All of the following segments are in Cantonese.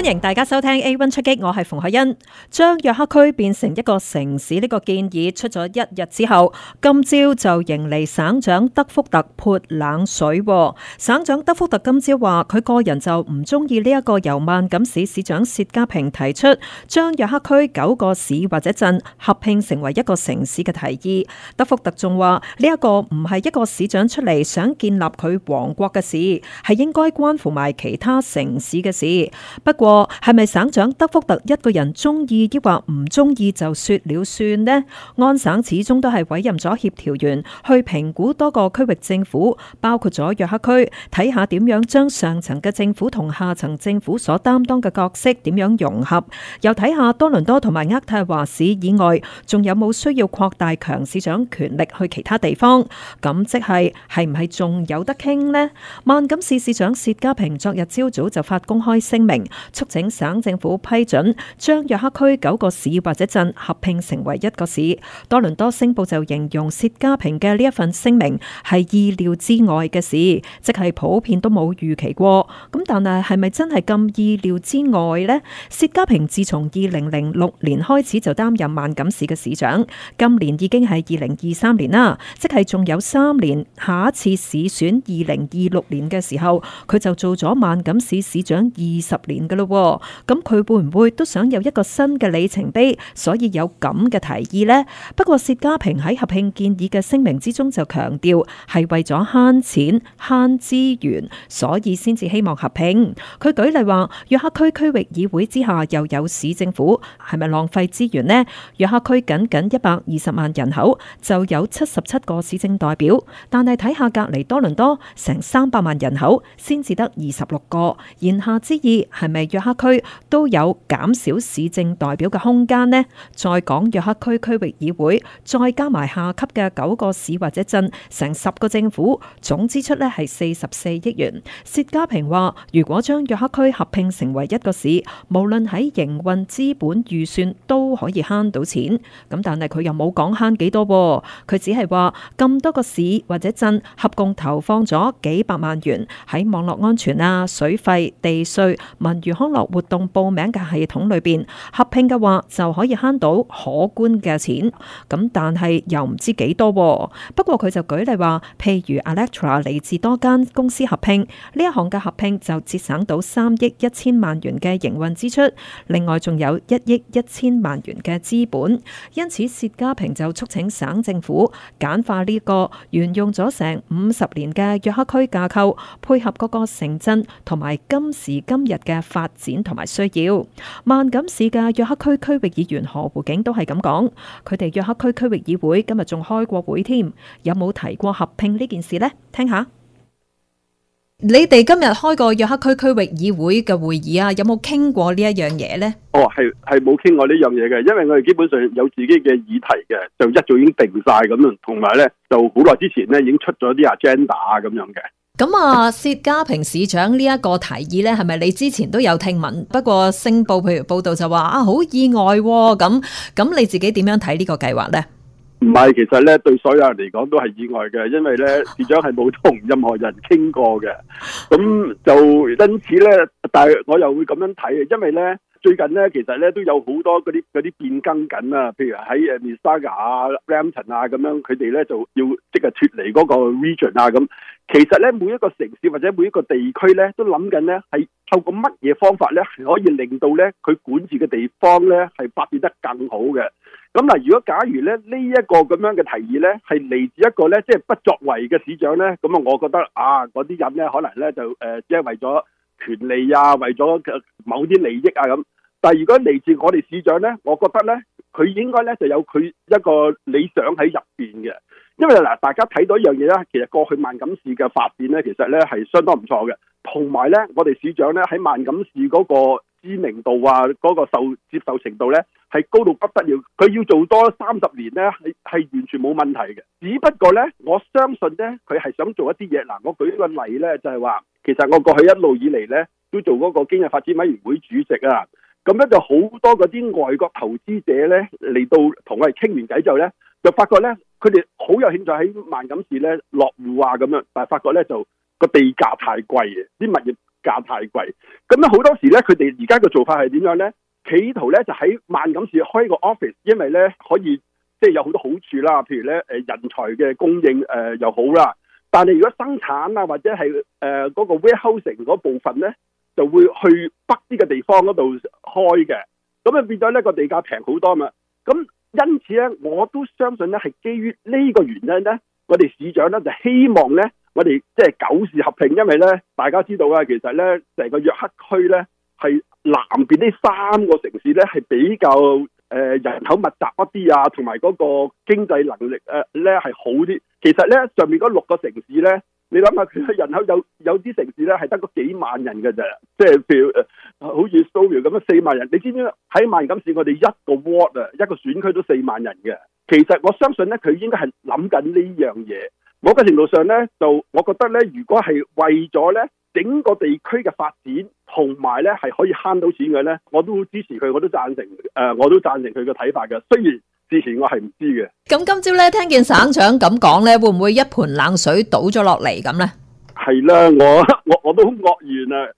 歡迎大家收聽 A1 出擊，我係馮海欣。將約克區變成一個城市呢個建議出咗一日之後，今朝就迎嚟省長德福特潑冷水。省長德福特今朝話佢個人就唔中意呢一個由萬錦市市長薛家平提出將約克區九個市或者鎮合併成為一個城市嘅提議。德福特仲話呢一個唔係一個市長出嚟想建立佢王國嘅事，係應該關乎埋其他城市嘅事。不過。係咪省長德福特一個人中意抑或唔中意就說了算呢？安省始終都係委任咗協調員去評估多個區域政府，包括咗約克區，睇下點樣將上層嘅政府同下層政府所擔當嘅角色點樣融合，又睇下多倫多同埋渥太華市以外，仲有冇需要擴大強市長權力去其他地方？咁即係係唔係仲有得傾呢？萬錦市市長薛家平昨日朝早就發公開聲明。促請省政府批准將約克區九個市或者鎮合併成為一個市。多倫多星報就形容薛家平嘅呢一份聲明係意料之外嘅事，即係普遍都冇預期過。咁但係係咪真係咁意料之外呢？薛家平自從二零零六年開始就擔任萬錦市嘅市長，今年已經係二零二三年啦，即係仲有三年，下一次市選二零二六年嘅時候，佢就做咗萬錦市市長二十年㗎囉。咁佢會唔會都想有一個新嘅里程碑，所以有咁嘅提議呢？不過薛家平喺合併建議嘅聲明之中就強調，係為咗慳錢慳資源，所以先至希望合併。佢舉例話，約克區區域議會之下又有市政府，係咪浪費資源呢？約克區僅僅一百二十萬人口就有七十七個市政代表，但係睇下隔離多倫多，成三百萬人口先至得二十六個。言下之意係咪約若黑區都有減少市政代表嘅空間呢，再講若克區區域議會，再加埋下級嘅九個市或者鎮，成十個政府總支出呢係四十四億元。薛家平話，如果將若克區合併成為一個市，無論喺營運資本預算都可以慳到錢。咁但係佢又冇講慳幾多，啊，佢只係話咁多個市或者鎮合共投放咗幾百萬元喺網絡安全啊、水費、地稅、民娛康樂活動報名嘅系統裏邊合拼嘅話就可以慳到可觀嘅錢，咁但係又唔知幾多啊。不過佢就舉例話，譬如 Alectra 嚟自多間公司合拼，呢一項嘅合拼就節省到三億一千萬元嘅營運支出，另外仲有一億一千萬元嘅資本。因此薛家平就促請省政府簡化呢個沿用咗成五十年嘅約克區架構，配合嗰個城鎮同埋今時今日嘅發展。展同埋需要，萬錦市嘅約克區區域議員何胡景都係咁講。佢哋約克區區域議會今日仲開過會添，有冇提過合併呢件事呢？聽下。你哋今日開個約克區區域議會嘅會議啊，有冇傾過呢一樣嘢呢？哦，係係冇傾過呢樣嘢嘅，因為我哋基本上有自己嘅議題嘅，就一早已經定晒咁樣，同埋咧，就好耐之前呢已經出咗啲 agenda 啊咁樣嘅。咁啊，薛家平市長呢一個提議呢，係咪你之前都有聽聞？不過星報譬如報道就話啊，好意外咁、啊。咁你自己點樣睇呢個計劃呢？唔係，其實呢，對所有人嚟講都係意外嘅，因為呢市長係冇同任何人傾過嘅。咁 就因此呢，但係我又會咁樣睇，因為呢。最近咧，其實咧都有好多嗰啲嗰啲變更緊啊，譬如喺誒 Mississauga 啊、Brampton 啊咁樣，佢哋咧就要即係脫離嗰個 region 啊咁。其實咧，每一個城市或者每一個地區咧，都諗緊咧係透過乜嘢方法咧，可以令到咧佢管治嘅地方咧係發展得更好嘅。咁嗱，如果假如咧呢一個咁樣嘅提議咧，係嚟自一個咧即係不作為嘅市長咧，咁啊，我覺得啊，嗰啲人咧可能咧就誒即係為咗。權利啊，為咗某啲利益啊咁。但係如果嚟自我哋市長咧，我覺得咧，佢應該咧就有佢一個理想喺入邊嘅。因為嗱，大家睇到一樣嘢咧，其實過去萬錦市嘅發展咧，其實咧係相當唔錯嘅。同埋咧，我哋市長咧喺萬錦市嗰個知名度啊，嗰個受接受程度咧係高到不得了。佢要做多三十年咧，係係完全冇問題嘅。只不過咧，我相信咧，佢係想做一啲嘢。嗱，我舉個例咧，就係話。其實我過去一路以嚟咧，都做嗰個經濟發展委員會主席啊。咁咧就好多嗰啲外國投資者咧嚟到同我哋傾完偈之後咧，就發覺咧，佢哋好有興趣喺萬錦市咧落戶啊咁樣，但係發覺咧就個地價太貴嘅，啲物業價太貴。咁咧好多時咧，佢哋而家嘅做法係點樣咧？企圖咧就喺萬錦市開個 office，因為咧可以即係、就是、有好多好處啦，譬如咧誒人才嘅供應誒、呃、又好啦。但係如果生產啊或者係誒嗰個 warehousing 嗰部分咧，就會去北啲嘅地方嗰度開嘅，咁就變咗咧個地價平好多嘛。咁因此咧，我都相信咧係基於呢個原因咧，我哋市長咧就希望咧，我哋即係九市合併，因為咧大家知道啊，其實咧成個約克區咧係南邊呢三個城市咧係比較。誒、呃，人口密集一啲啊，同埋嗰個經濟能力誒咧係好啲。其實咧，上面嗰六個城市咧，你諗下佢人口有有啲城市咧係得嗰幾萬人嘅啫，即係譬如誒、呃，好似蘇黎咁樣四萬人。你知唔知喺萬錦市，我哋一個 ward 啊，一個選區都四萬人嘅。其實我相信咧，佢應該係諗緊呢樣嘢。嗰、那個程度上咧，就我覺得咧，如果係為咗咧整個地區嘅發展，同埋咧係可以慳到錢嘅咧，我都支持佢，我都贊成，誒、呃，我都贊成佢嘅睇法嘅。雖然之前我係唔知嘅。咁今朝咧聽見省長咁講咧，會唔會一盆冷水倒咗落嚟咁咧？係啦，我我我都好愕然啊！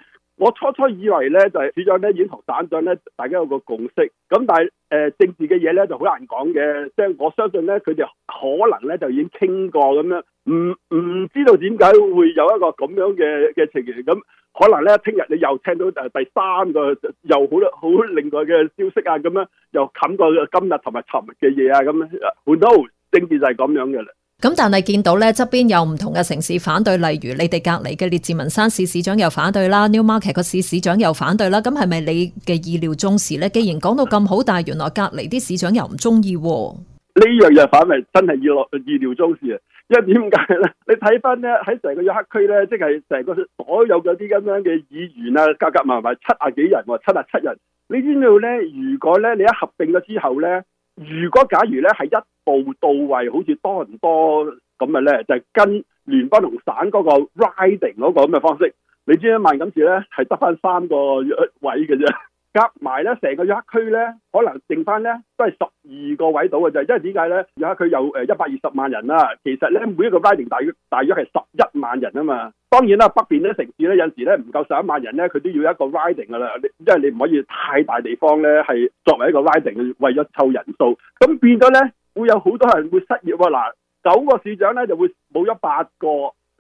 我初初以為咧就係市長咧已經同省長呢，咧大家有個共識，咁但係、呃、政治嘅嘢咧就好難講嘅，即係我相信咧佢哋可能咧就已經傾過咁樣，唔唔知道點解會有一個咁樣嘅嘅情形，咁可能咧聽日你又聽到第三個又好多好另外嘅消息啊，咁樣又冚過今日同埋尋日嘅嘢啊，咁啊換到政治就係咁樣嘅啦。咁但係見到咧側邊有唔同嘅城市反對，例如你哋隔離嘅列治文山市市長又反對啦，Newmarket 個市市長又反對啦。咁係咪你嘅意料中事咧？既然講到咁好，但係原來隔離啲市長又唔中意喎。呢樣嘢反係真係意落意料中事啊！因為點解咧？你睇翻咧喺成個約克區咧，即係成個所有嗰啲咁樣嘅議員啊，夾夾埋埋七啊幾人，七啊七人。你知道咧，如果咧你一合併咗之後咧？如果假如咧係一步到位，好似多人多咁嘅咧，就係、是、跟聯邦同省嗰個 riding 嗰個咁嘅方式，你知啦，萬錦市咧係得翻三個、呃、位嘅啫，夾埋咧成個約克區咧可能剩翻咧都係十二個位度嘅啫，因為點解咧？約克區有誒一百二十萬人啦、啊，其實咧每一個 riding 大約大約係十一萬人啊嘛。當然啦，北邊啲城市咧，有時咧唔夠上一萬人咧，佢都要一個 riding 噶啦，因為你唔可以太大地方咧，係作為一個 riding，為咗湊人數，咁變咗咧會有好多人會失業喎。嗱，九個市長咧就會冇咗八個，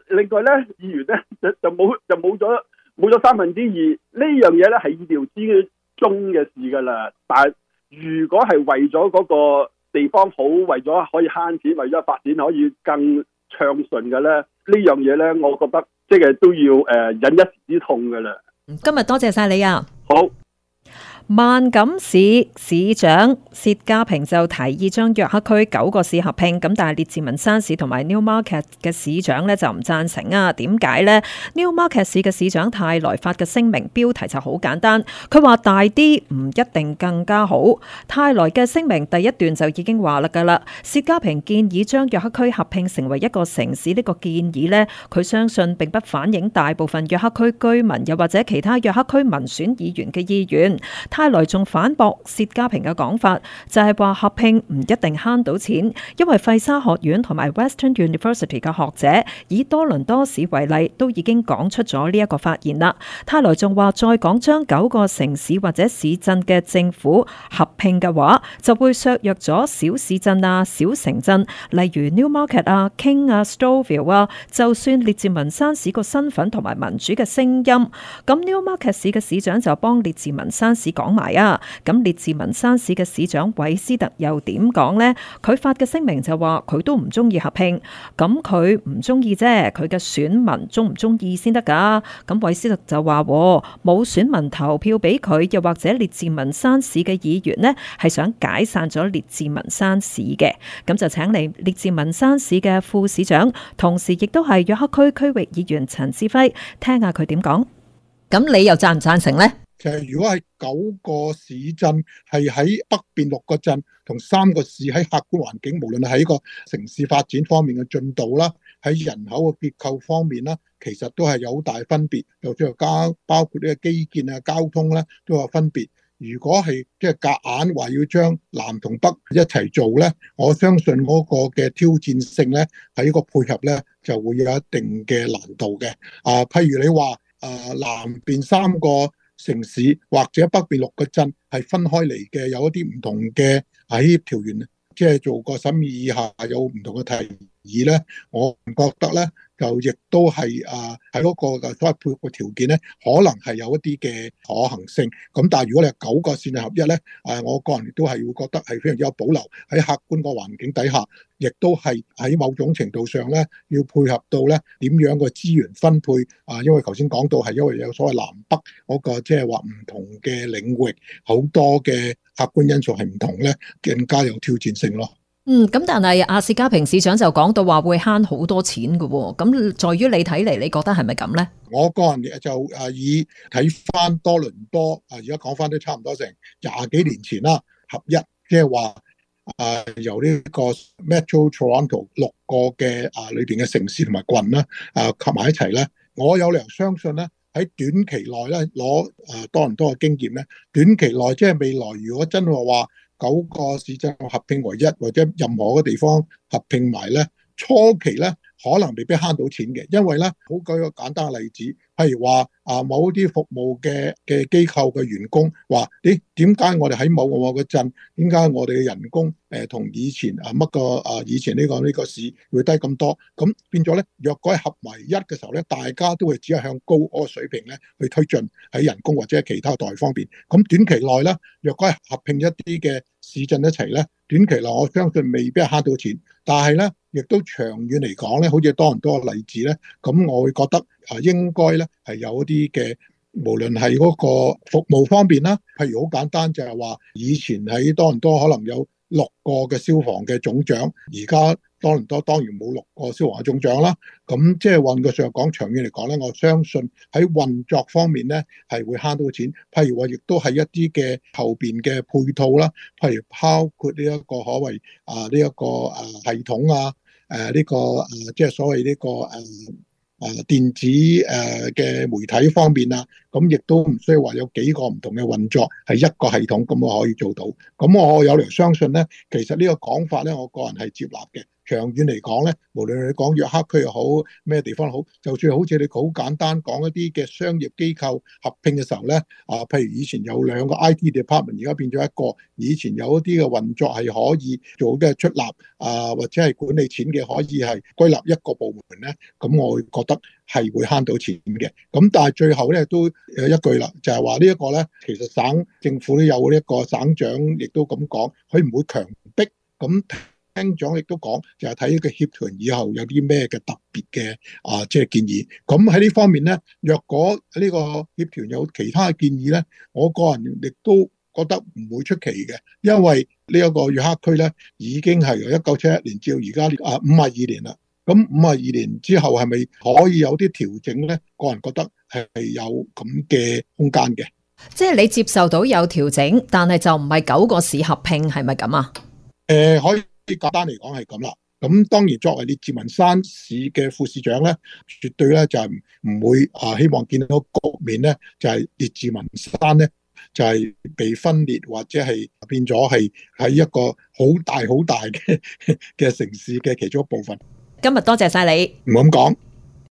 另外咧議員咧就就冇就冇咗冇咗三分之二，呢樣嘢咧係意料之中嘅事噶啦。但係如果係為咗嗰個地方好，為咗可以慳錢，為咗發展可以更暢順嘅咧，呢樣嘢咧，我覺得。即係都要誒，忍一時之痛噶啦。今日多謝晒你啊！好。萬錦市市長薛家平就提議將約克區九個市合拼，咁但係列治文山市同埋 Newmarket 嘅市長呢，就唔贊成啊？點解呢？Newmarket 市嘅市長泰來發嘅聲明標題就好簡單，佢話大啲唔一定更加好。泰來嘅聲明第一段就已經話啦㗎啦，薛家平建議將約克區合拼成為一個城市呢、呢個建議呢，佢相信並不反映大部分約克區居民又或者其他約克區民選議員嘅意願。泰萊仲反駁薛家平嘅講法，就係話合併唔一定慳到錢，因為費沙學院同埋 Western University 嘅學者以多倫多市為例，都已經講出咗呢一個發現啦。泰萊仲話，再講將九個城市或者市鎮嘅政府合併嘅話，就會削弱咗小市鎮啊、小城鎮，例如 Newmarket 啊、King 啊、Stouffville 啊，就算列治文山市個身份同埋民主嘅聲音，咁 Newmarket 市嘅市長就幫列治文山市。講埋啊！咁列治文山市嘅市長韋斯特又點講呢？佢發嘅聲明就話佢都唔中意合併。咁佢唔中意啫，佢嘅選民中唔中意先得噶。咁韋斯特就話喎，冇選民投票俾佢，又或者列治文山市嘅議員呢係想解散咗列治文山市嘅。咁就請嚟列治文山市嘅副市長，同時亦都係約克區區域議員陳志輝聽下佢點講。咁你又贊唔贊成呢？其實，如果係九個市鎮係喺北邊六個鎮同三個市喺客觀環境，無論係喺個城市發展方面嘅進度啦，喺人口嘅結構方面啦，其實都係有好大分別。又再加包括呢個基建啊、交通咧，都有分別。如果係即係夾硬話要將南同北一齊做咧，我相信嗰個嘅挑戰性咧，喺個配合咧，就會有一定嘅難度嘅。啊，譬如你話誒、啊、南邊三個。城市或者北邊六個鎮係分開嚟嘅，有一啲唔同嘅協調員，即係做過審議以下有唔同嘅提議咧，我唔覺得咧。就亦都係啊，喺嗰個嘅所謂配合條件咧，可能係有一啲嘅可行性。咁但係如果你係九個線嘅合一咧，誒，我個人亦都係會覺得係非常之有保留。喺客觀個環境底下，亦都係喺某種程度上咧，要配合到咧點樣個資源分配啊，因為頭先講到係因為有所謂南北嗰個即係話唔同嘅領域好多嘅客觀因素係唔同咧，更加有挑戰性咯。嗯，咁但係阿薛家平市長就講到話會慳好多錢噶，咁在於你睇嚟，你覺得係咪咁咧？我個人就誒以睇翻多倫多，啊而家講翻都差唔多成廿幾年前啦，合一即係話誒由呢個 Metro Toronto 六個嘅啊裏邊嘅城市同埋郡啦，啊合埋一齊咧，我有理由相信咧喺短期內咧攞誒多倫多嘅經驗咧，短期內即係未來如果真係話。九個市鎮合併為一，或者任何個地方合併埋咧。初期咧，可能未必慳到錢嘅，因為咧，好舉一個簡單例子，譬如話啊，某啲服務嘅嘅機構嘅員工話，咦、哎，點解我哋喺某某個鎮，點解我哋嘅人工誒同以前啊乜個啊以前呢個呢個市會低咁多？咁變咗咧，若果係合為一嘅時候咧，大家都會只係向高嗰個水平咧去推進喺人工或者其他待遇方面。咁短期內咧，若果係合併一啲嘅市鎮一齊咧，短期內我相信未必慳到錢，但係咧。亦都長遠嚟講咧，好似多唔多倫個例子咧，咁我會覺得啊，應該咧係有一啲嘅，無論係嗰個服務方面啦，譬如好簡單就係話，以前喺多倫多可能有六個嘅消防嘅總長，而家多倫多當然冇六個消防嘅總長啦。咁即係運作上講，長遠嚟講咧，我相信喺運作方面咧係會慳到錢。譬如話，亦都係一啲嘅後面嘅配套啦，譬如包括呢一個可謂啊呢一個系統啊。誒、這、呢個誒即係所謂呢個誒誒電子誒嘅媒體方面啦，咁亦都唔需要話有幾個唔同嘅運作，係一個系統，咁我可以做到。咁我有理由相信咧，其實呢個講法咧，我個人係接納嘅。長遠嚟講咧，無論你講約克區又好，咩地方好，就算好似你好簡單講一啲嘅商業機構合併嘅時候咧，啊，譬如以前有兩個 IT department，而家變咗一個，以前有一啲嘅運作係可以做嘅出納啊，或者係管理錢嘅，可以係歸納一個部門咧，咁我覺得係會慳到錢嘅。咁但係最後咧都有一句啦，就係、是、話呢一個咧，其實省政府都有呢、這、一個省長說，亦都咁講，佢唔會強逼咁。廳長亦都講，就係睇呢個協團以後有啲咩嘅特別嘅啊，即係建議。咁喺呢方面呢，若果呢個協團有其他嘅建議呢，我個人亦都覺得唔會出奇嘅，因為呢一個約克區咧，已經係由一九七一年至到而家啊五十二年啦。咁五十二年之後係咪可以有啲調整呢？個人覺得係有咁嘅空間嘅。即係你接受到有調整，但係就唔係九個市合拼，係咪咁啊？誒、呃，可以。簡單嚟講係咁啦，咁當然作為列治文山市嘅副市長咧，絕對咧就係唔會啊希望見到個局面咧就係列治文山咧就係、是、被分裂或者係變咗係喺一個好大好大嘅嘅城市嘅其中一部分。今日多謝晒你，唔好咁講。